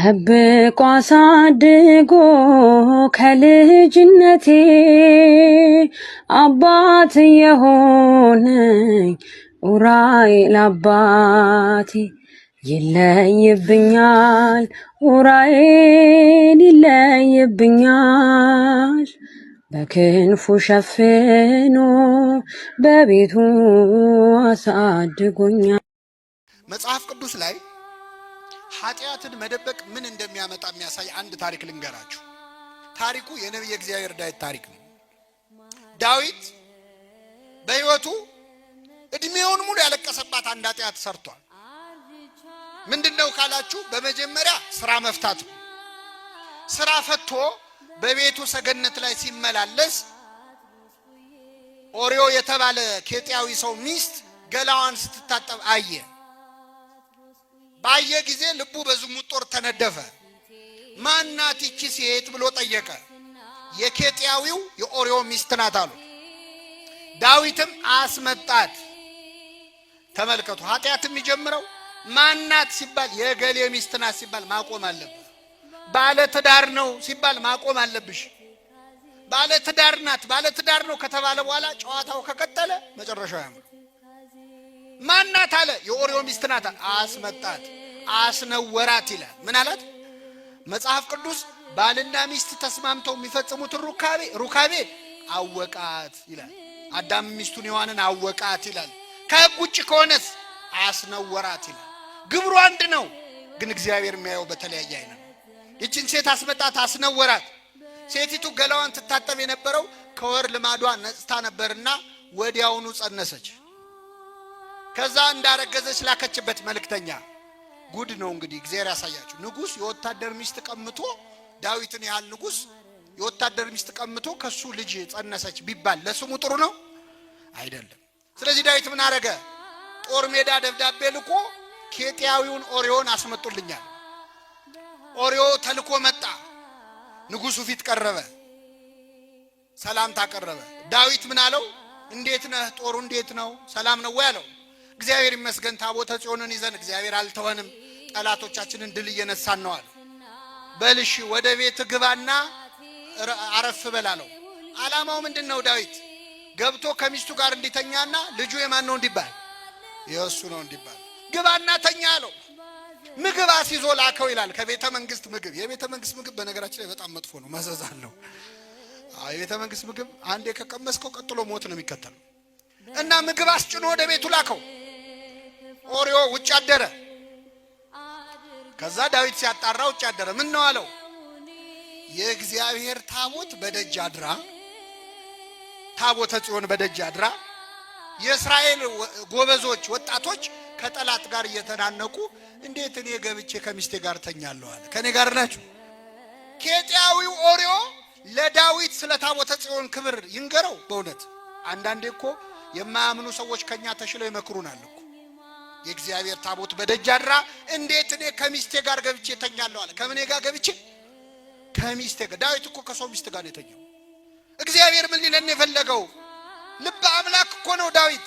ጠብቆ አሳድጎ ከልጅነቴ አባት የሆነኝ ኡራኤል አባቴ ይለይብኛል፣ ኡራኤል ይለይብኛል። በክንፉ ሸፍኖ በቤቱ አሳድጎኛል። መጽሐፍ ቅዱስ ላይ ኃጢአትን መደበቅ ምን እንደሚያመጣ የሚያሳይ አንድ ታሪክ ልንገራችሁ። ታሪኩ የነቢየ እግዚአብሔር ዳዊት ታሪክ ነው። ዳዊት በሕይወቱ እድሜውን ሙሉ ያለቀሰባት አንድ ኃጢአት ሰርቷል። ምንድን ነው ካላችሁ፣ በመጀመሪያ ስራ መፍታት ነው። ስራ ፈቶ በቤቱ ሰገነት ላይ ሲመላለስ ኦሪዮ የተባለ ኬጥያዊ ሰው ሚስት ገላዋን ስትታጠብ አየ። ባየ ጊዜ ልቡ በዝሙት ጦር ተነደፈ። ማናት ይቺ ሴት ብሎ ጠየቀ። የኬጥያዊው የኦሪዮ ሚስት ናት አሉ። ዳዊትም አስመጣት። ተመልከቱ፣ ኃጢአት የሚጀምረው ማናት ሲባል የገሌ ሚስት ናት ሲባል ማቆም አለብህ። ባለ ትዳር ነው ሲባል ማቆም አለብሽ። ባለ ትዳር ናት፣ ባለ ትዳር ነው ከተባለ በኋላ ጨዋታው ከቀጠለ መጨረሻው ያምር። ማናት አለ፣ የኦሪዮ ሚስት ናት አስመጣት። አስነወራት ይላል። ምን አላት? መጽሐፍ ቅዱስ ባልና ሚስት ተስማምተው የሚፈጽሙትን ሩካቤ ሩካቤ አወቃት ይላል። አዳም ሚስቱን ሔዋንን አወቃት ይላል። ከሕግ ውጭ ከሆነስ አስነወራት ይላል። ግብሩ አንድ ነው፣ ግን እግዚአብሔር የሚያየው በተለያየ አይነ ይችን ሴት አስመጣት፣ አስነወራት። ሴቲቱ ገላዋን ትታጠብ የነበረው ከወር ልማዷ ነጽታ ነበርና ወዲያውኑ ጸነሰች። ከዛ እንዳረገዘች ላከችበት መልእክተኛ ጉድ ነው እንግዲህ እግዚአብሔር ያሳያችሁ። ንጉስ የወታደር ሚስት ቀምቶ ዳዊትን ያህል ንጉስ የወታደር ሚስት ቀምቶ ከሱ ልጅ ጸነሰች ቢባል ለስሙ ጥሩ ነው አይደለም። ስለዚህ ዳዊት ምን አረገ? ጦር ሜዳ ደብዳቤ ልኮ ኬጥያዊውን ኦሪዮን አስመጡልኛል። ኦሪዮ ተልኮ መጣ። ንጉሱ ፊት ቀረበ፣ ሰላምታ ቀረበ። ዳዊት ምን አለው? እንዴት ነህ? ጦሩ እንዴት ነው? ሰላም ነው ወይ አለው። እግዚአብሔር ይመስገን ታቦተ ጽዮንን ይዘን እግዚአብሔር አልተወንም ጠላቶቻችንን ድል እየነሳን ነው አለ። በልሽ ወደ ቤት ግባና አረፍ በል አለው። ዓላማው ምንድን ነው? ዳዊት ገብቶ ከሚስቱ ጋር እንዲተኛና ልጁ የማን ነው እንዲባል የእሱ ነው እንዲባል ግባና ተኛ አለው። ምግብ አስይዞ ላከው ይላል። ከቤተ መንግስት ምግብ የቤተ መንግስት ምግብ በነገራችን ላይ በጣም መጥፎ ነው፣ መዘዝ አለው። የቤተ መንግስት ምግብ አንዴ ከቀመስከው ቀጥሎ ሞት ነው የሚከተለው እና ምግብ አስጭኖ ወደ ቤቱ ላከው። ኦሪዮ ውጭ አደረ። ከዛ ዳዊት ሲያጣራ ውጭ አደረ። ምን ነው አለው፣ የእግዚአብሔር ታቦት በደጅ አድራ፣ ታቦተ ጽዮን በደጅ አድራ። የእስራኤል ጎበዞች ወጣቶች ከጠላት ጋር እየተናነቁ እንዴት እኔ ገብቼ ከሚስቴ ጋር ተኛለሁ አለ። ከእኔ ጋር ናችሁ። ኬጢያዊው ኦሪዮ ለዳዊት ስለ ታቦተ ጽዮን ክብር ይንገረው። በእውነት አንዳንዴ እኮ የማያምኑ ሰዎች ከኛ ተሽለው ይመክሩናል። የእግዚአብሔር ታቦት በደጅ እንዴት እኔ ከሚስቴ ጋር ገብቼ ተኛለሁ አለ። ከምኔ ጋር ገብቼ? ከሚስቴ ጋር። ዳዊት እኮ ከሰው ሚስት ጋር ነው የተኛው። እግዚአብሔር ምን ሊለን የፈለገው? ልበ አምላክ እኮ ነው ዳዊት።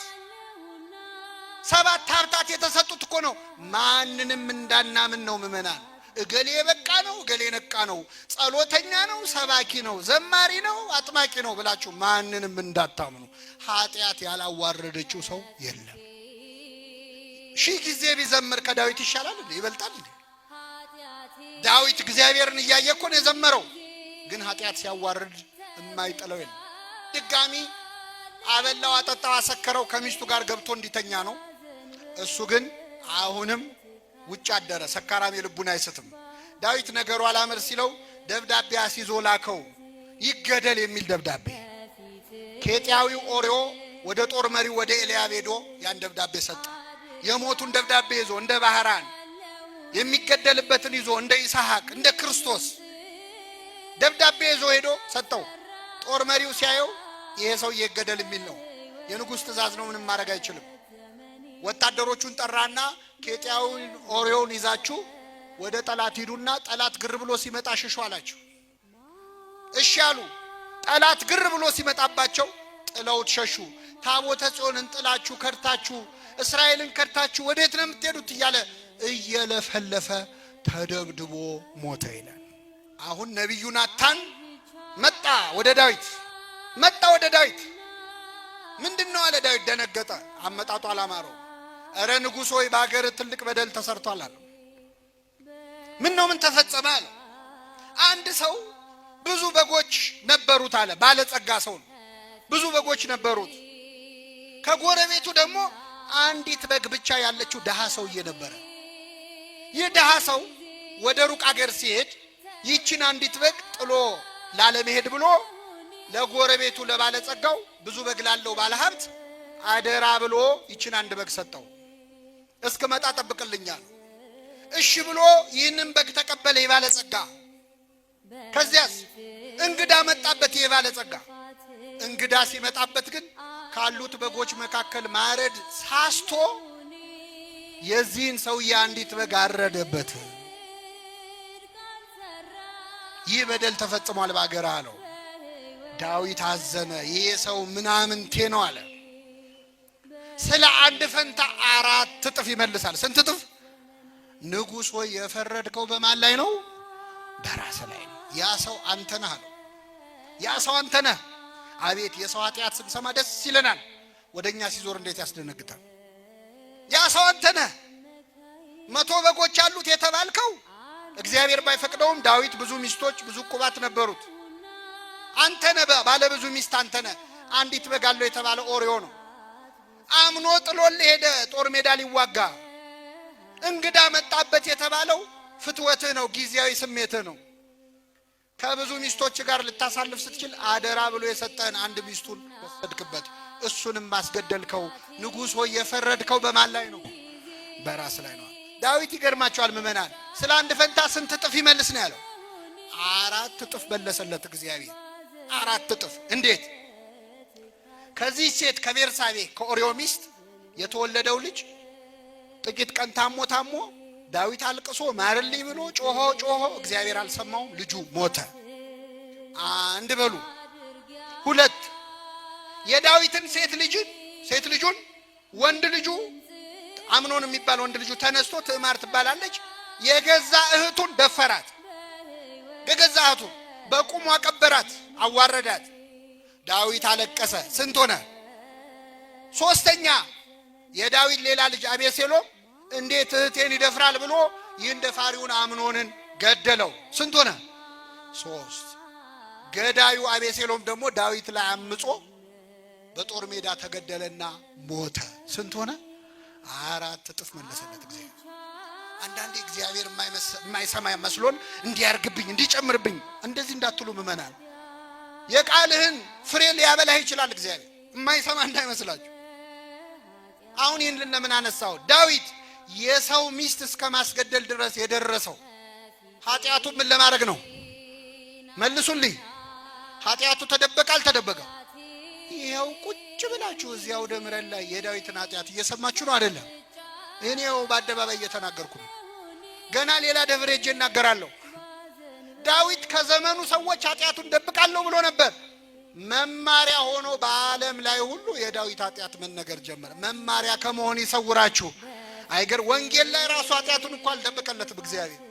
ሰባት ሀብታት የተሰጡት እኮ ነው። ማንንም እንዳናምን ነው ምእመናን። እገሌ በቃ ነው፣ እገሌ ነቃ ነው፣ ጸሎተኛ ነው፣ ሰባኪ ነው፣ ዘማሪ ነው፣ አጥማቂ ነው ብላችሁ ማንንም እንዳታምኑ። ኃጢአት ያላዋረደችው ሰው የለም። ሺህ ጊዜ ቢዘምር ከዳዊት ይሻላል እንዴ? ይበልጣል እንዴ? ዳዊት እግዚአብሔርን እያየ እኮ ነው የዘመረው። ግን ኃጢአት ሲያዋርድ የማይጥለው የለም። ድጋሚ አበላው፣ አጠጣው፣ አሰከረው ከሚስቱ ጋር ገብቶ እንዲተኛ ነው። እሱ ግን አሁንም ውጭ አደረ። ሰካራም ልቡን አይስትም። ዳዊት ነገሩ አላመር ሲለው ደብዳቤ አስይዞ ላከው፣ ይገደል የሚል ደብዳቤ። ኬጢያዊው ኦሪዮ ወደ ጦር መሪው ወደ ኤልያብ ሄዶ ያን ደብዳቤ ሰጠ። የሞቱን ደብዳቤ ይዞ እንደ ባህራን የሚገደልበትን ይዞ እንደ ይስሐቅ እንደ ክርስቶስ ደብዳቤ ይዞ ሄዶ ሰጠው። ጦር መሪው ሲያየው ይሄ ሰው ይገደል የሚል ነው። የንጉሥ ትእዛዝ ነው፣ ምንም ማድረግ አይችልም። ወታደሮቹን ጠራና ኬጢያውን ኦሪዮን ይዛችሁ ወደ ጠላት ሂዱና ጠላት ግር ብሎ ሲመጣ ሽሹ አላቸው። እሺ አሉ። ጠላት ግር ብሎ ሲመጣባቸው ጥለውት ሸሹ። ታቦተ ጽዮንን ጥላችሁ ከድታችሁ እስራኤልን ከድታችሁ ወዴት ነው የምትሄዱት? እያለ እየለፈለፈ ተደብድቦ ሞተ ይላል። አሁን ነቢዩ ናታን መጣ ወደ ዳዊት መጣ ወደ ዳዊት ምንድን ነው አለ። ዳዊት ደነገጠ። አመጣጡ አላማረው። እረ ንጉሥ ሆይ በአገር ትልቅ በደል ተሰርቷል አለ። ምን ነው ምን ተፈጸመ አለ። አንድ ሰው ብዙ በጎች ነበሩት አለ። ባለጸጋ ሰው ነው። ብዙ በጎች ነበሩት። ከጎረቤቱ ደግሞ አንዲት በግ ብቻ ያለችው ደሃ ሰውዬ ነበረ። ይህ ደሃ ሰው ወደ ሩቅ አገር ሲሄድ ይችን አንዲት በግ ጥሎ ላለመሄድ ብሎ ለጎረቤቱ ለባለጸጋው፣ ብዙ በግ ላለው ባለሀብት አደራ ብሎ ይችን አንድ በግ ሰጠው። መጣ ጠብቅልኛል። እሺ ብሎ ይህንን በግ ተቀበለ የባለጸጋ። ከዚያስ እንግዳ መጣበት የባለጸጋ። እንግዳ ሲመጣበት ግን ካሉት በጎች መካከል ማረድ ሳስቶ የዚህን ሰውዬ አንዲት በግ አረደበት። ይህ በደል ተፈጽሟል በአገር አለው። ዳዊት አዘነ። ይህ ሰው ምናምንቴ ነው አለ። ስለ አንድ ፈንታ አራት እጥፍ ይመልሳል። ስንት እጥፍ? ንጉሥ ሆይ የፈረድከው በማን ላይ ነው? በራስ ላይ ነው። ያ ሰው አንተ ነህ አለው። ያ ሰው አንተ ነህ አቤት የሰው ኃጢአት ስንሰማ ደስ ይለናል። ወደ እኛ ሲዞር እንዴት ያስደነግጣል። ያ ሰው አንተነ መቶ በጎች አሉት የተባልከው እግዚአብሔር ባይፈቅደውም ዳዊት ብዙ ሚስቶች ብዙ ቁባት ነበሩት። አንተነ ባለ ብዙ ሚስት አንተነ አንዲት በግ አለው የተባለ ኦሪዮ ነው። አምኖ ጥሎል ሄደ ጦር ሜዳ ሊዋጋ እንግዳ መጣበት የተባለው ፍትወትህ ነው፣ ጊዜያዊ ስሜትህ ነው። ከብዙ ሚስቶች ጋር ልታሳልፍ ስትችል አደራ ብሎ የሰጠህን አንድ ሚስቱን ወሰድክበት፣ እሱንም ማስገደልከው። ንጉሥ ሆይ የፈረድከው በማን ላይ ነው? በራስ ላይ ነው። ዳዊት ይገርማቸዋል ምዕመናን፣ ስለ አንድ ፈንታ ስንት እጥፍ ይመልስ ነው ያለው? አራት እጥፍ መለሰለት እግዚአብሔር፣ አራት እጥፍ። እንዴት? ከዚህ ሴት ከቤርሳቤ ከኦሪዮ ሚስት የተወለደው ልጅ ጥቂት ቀን ታሞ ታሞ ዳዊት አልቅሶ ማርልኝ ብሎ ጮሆ ጮሆ እግዚአብሔር አልሰማውም። ልጁ ሞተ። አንድ በሉ ሁለት የዳዊትን ሴት ልጅ ሴት ልጁን ወንድ ልጁ አምኖን የሚባል ወንድ ልጁ ተነስቶ ትዕማር ትባላለች የገዛ እህቱን ደፈራት። የገዛ እህቱ በቁሙ አቀበራት፣ አዋረዳት። ዳዊት አለቀሰ። ስንት ሆነ? ሶስተኛ የዳዊት ሌላ ልጅ አቤሴሎም እንዴት እህቴን ይደፍራል ብሎ ይህን ደፋሪውን አምኖንን ገደለው። ስንት ሆነ? ሶስት። ገዳዩ አቤሴሎም ደግሞ ዳዊት ላይ አምጾ በጦር ሜዳ ተገደለና ሞተ። ስንት ሆነ? አራት እጥፍ መለሰለት እግዚአብሔር። አንዳንዴ እግዚአብሔር የማይሰማ መስሎን እንዲያርግብኝ እንዲጨምርብኝ እንደዚህ እንዳትሉ ምመናል። የቃልህን ፍሬ ሊያበላህ ይችላል እግዚአብሔር የማይሰማ እንዳይመስላችሁ። አሁን ይህን ልነምን አነሳው ዳዊት የሰው ሚስት እስከ ማስገደል ድረስ የደረሰው ኃጢአቱ ምን ለማድረግ ነው? መልሱልኝ። ኃጢአቱ ተደበቀ አልተደበቀም? ይኸው ቁጭ ብላችሁ እዚያው ደምረን ላይ የዳዊትን ኃጢአት እየሰማችሁ ነው አይደለም? እኔው በአደባባይ እየተናገርኩ ነው። ገና ሌላ ደብሬ እጄ እናገራለሁ። ዳዊት ከዘመኑ ሰዎች ኃጢአቱን ደብቃለሁ ብሎ ነበር። መማሪያ ሆኖ በዓለም ላይ ሁሉ የዳዊት ኃጢአት መነገር ጀመረ። መማሪያ ከመሆን ይሰውራችሁ። አይገር ወንጌል ላይ ራሱ ኃጢአቱን እኮ አልደበቀለትም እግዚአብሔር።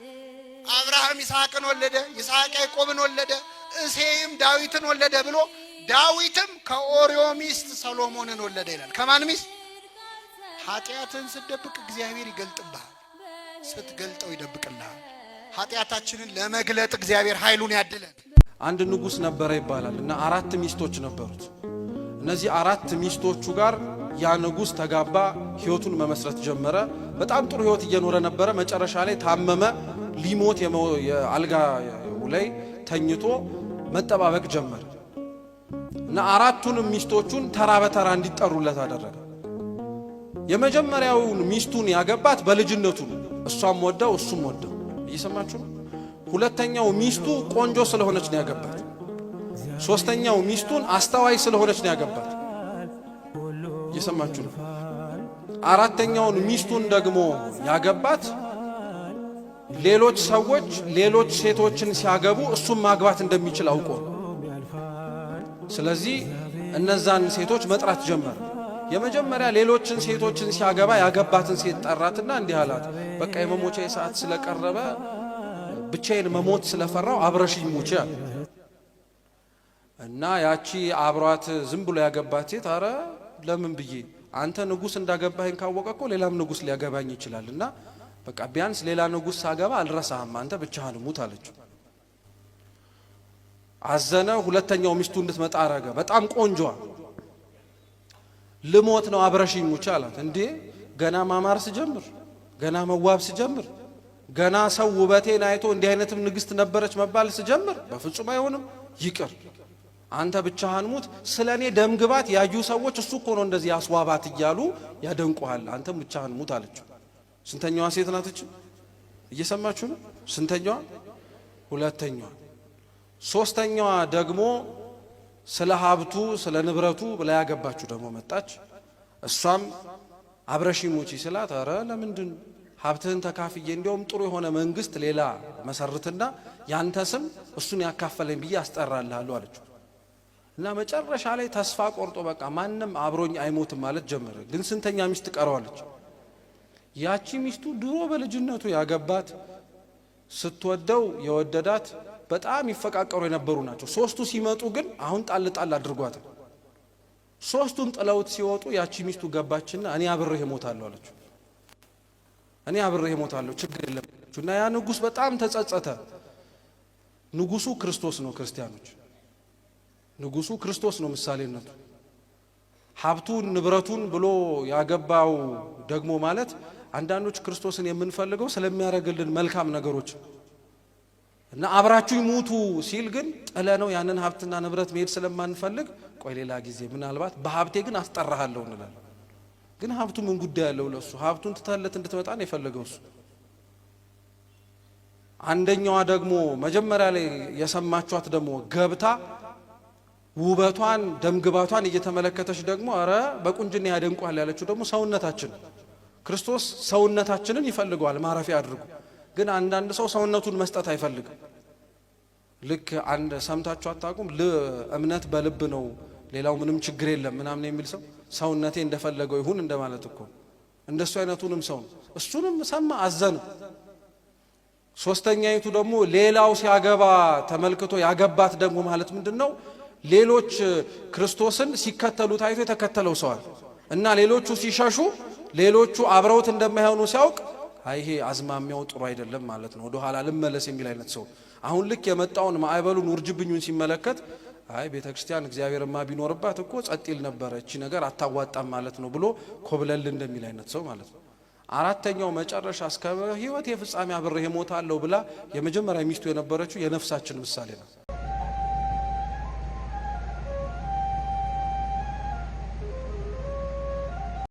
አብርሃም ይስሐቅን ወለደ፣ ይስሐቅ ያዕቆብን ወለደ፣ እሴይም ዳዊትን ወለደ ብሎ ዳዊትም ከኦሪዮ ሚስት ሰሎሞንን ወለደ ይላል። ከማን ሚስት? ኃጢአትን ስትደብቅ እግዚአብሔር ይገልጥብሃል፣ ስትገልጠው ይደብቅልሃል። ኃጢአታችንን ለመግለጥ እግዚአብሔር ኃይሉን ያድለን። አንድ ንጉሥ ነበረ ይባላል እና አራት ሚስቶች ነበሩት። እነዚህ አራት ሚስቶቹ ጋር ያ ንጉሥ ተጋባ፣ ህይወቱን መመስረት ጀመረ። በጣም ጥሩ ህይወት እየኖረ ነበረ። መጨረሻ ላይ ታመመ። ሊሞት የአልጋ ላይ ተኝቶ መጠባበቅ ጀመረ እና አራቱንም ሚስቶቹን ተራ በተራ እንዲጠሩለት አደረገ። የመጀመሪያውን ሚስቱን ያገባት በልጅነቱ ነው። እሷም ወደው እሱም ወደው። እየሰማችሁ ነው። ሁለተኛው ሚስቱ ቆንጆ ስለሆነች ነው ያገባት። ሶስተኛው ሚስቱን አስተዋይ ስለሆነች ነው ያገባት። እየሰማችሁ ነው። አራተኛውን ሚስቱን ደግሞ ያገባት ሌሎች ሰዎች ሌሎች ሴቶችን ሲያገቡ እሱም ማግባት እንደሚችል አውቆ ስለዚህ እነዛን ሴቶች መጥራት ጀመር። የመጀመሪያ ሌሎችን ሴቶችን ሲያገባ ያገባትን ሴት ጠራትና እንዲህ አላት፣ በቃ የመሞቻ ሰዓት ስለቀረበ ብቻዬን መሞት ስለፈራው አብረሽኝ ሙቼ አለ እና ያቺ አብሯት ዝም ብሎ ያገባት ሴት አረ ለምን ብዬ አንተ ንጉስ እንዳገባህን ካወቀ እኮ ሌላም ንጉስ ሊያገባኝ ይችላል። እና በቃ ቢያንስ ሌላ ንጉስ ሳገባ አልረሳህም፣ አንተ ብቻህን ሙት አለችው። አዘነ። ሁለተኛው ሚስቱ እንድትመጣ አረገ። በጣም ቆንጆ ልሞት ነው አብረሽኝ ሙች አላት። እንዴ ገና ማማር ስጀምር፣ ገና መዋብ ስጀምር፣ ገና ሰው ውበቴን አይቶ እንዲህ አይነትም ንግስት ነበረች መባል ስጀምር፣ በፍጹም አይሆንም፣ ይቅር አንተ ብቻህን ሙት፣ ስለ እኔ ደምግባት ያዩ ሰዎች እሱ እኮ ነው እንደዚህ አስዋባት እያሉ ያደንቁሃል፣ አንተም ብቻህን ሙት አለችው። ስንተኛዋ ሴት ናትች? እየሰማችሁ ነው? ስንተኛዋ? ሁለተኛዋ። ሶስተኛዋ ደግሞ ስለ ሀብቱ ስለ ንብረቱ ብላ ያገባችሁ ደግሞ መጣች። እሷም አብረሺ ሙቺ ስላት፣ ኧረ ለምንድን ሀብትህን ተካፍዬ እንዲያውም ጥሩ የሆነ መንግስት ሌላ መሰርትና ያንተ ስም እሱን ያካፈለኝ ብዬ አስጠራልሃለሁ አለችው። እና መጨረሻ ላይ ተስፋ ቆርጦ በቃ ማንም አብሮኝ አይሞትም ማለት ጀመረ። ግን ስንተኛ ሚስት ቀረዋለች። ያቺ ሚስቱ ድሮ በልጅነቱ ያገባት ስትወደው የወደዳት በጣም ይፈቃቀሩ የነበሩ ናቸው። ሶስቱ ሲመጡ ግን አሁን ጣል ጣል አድርጓት። ሶስቱም ጥለውት ሲወጡ ያቺ ሚስቱ ገባችና እኔ አብሬህ እሞታለሁ አለችው። እኔ አብሬህ እሞታለሁ ችግር የለም እና ያ ንጉሥ በጣም ተጸጸተ። ንጉሱ ክርስቶስ ነው ክርስቲያኖች ንጉሱ ክርስቶስ ነው ምሳሌነቱ። ሀብቱን ንብረቱን ብሎ ያገባው ደግሞ ማለት አንዳንዶች ክርስቶስን የምንፈልገው ስለሚያደርግልን መልካም ነገሮች እና አብራችሁ ሙቱ ሲል ግን ጥለ ነው ያንን ሀብትና ንብረት መሄድ ስለማንፈልግ ቆይ ሌላ ጊዜ ምናልባት በሀብቴ ግን አስጠራሃለሁ እንላለን። ግን ሀብቱ ምን ጉዳይ ያለው ለእሱ? ሀብቱን ትተለት እንድትመጣ ነው የፈለገው እሱ። አንደኛዋ ደግሞ መጀመሪያ ላይ የሰማችኋት ደግሞ ገብታ ውበቷን ደምግባቷን እየተመለከተች ደግሞ አረ በቁንጅና ያደንቋል ያለችው ደግሞ ሰውነታችን ክርስቶስ ሰውነታችንን ይፈልገዋል ማረፊያ አድርጉ። ግን አንዳንድ ሰው ሰውነቱን መስጠት አይፈልግም። ልክ አንድ ሰምታችሁ አታቁም እምነት በልብ ነው ሌላው ምንም ችግር የለም ምናምን የሚል ሰው ሰውነቴ እንደፈለገው ይሁን እንደማለት እኮ እንደሱ አይነቱንም ሰው ነው። እሱንም ሰማ አዘነ። ሶስተኛይቱ ደግሞ ሌላው ሲያገባ ተመልክቶ ያገባት ደግሞ ማለት ምንድን ነው? ሌሎች ክርስቶስን ሲከተሉ ታይቶ የተከተለው ሰዋል እና ሌሎቹ ሲሸሹ ሌሎቹ አብረውት እንደማይሆኑ ሲያውቅ ይሄ አዝማሚያው ጥሩ አይደለም ማለት ነው። ወደኋላ ልመለስ የሚል አይነት ሰው አሁን ልክ የመጣውን ማዕበሉን ውርጅብኙን ሲመለከት አይ ቤተ ክርስቲያን እግዚአብሔርማ ቢኖርባት እኮ ጸጥ ይል ነበረ፣ እቺ ነገር አታዋጣም ማለት ነው ብሎ ኮብለል እንደሚል አይነት ሰው ማለት ነው። አራተኛው መጨረሻ እስከ ህይወት የፍጻሜ አብሬ እሞታለሁ ብላ የመጀመሪያ ሚስቱ የነበረችው የነፍሳችን ምሳሌ ነው።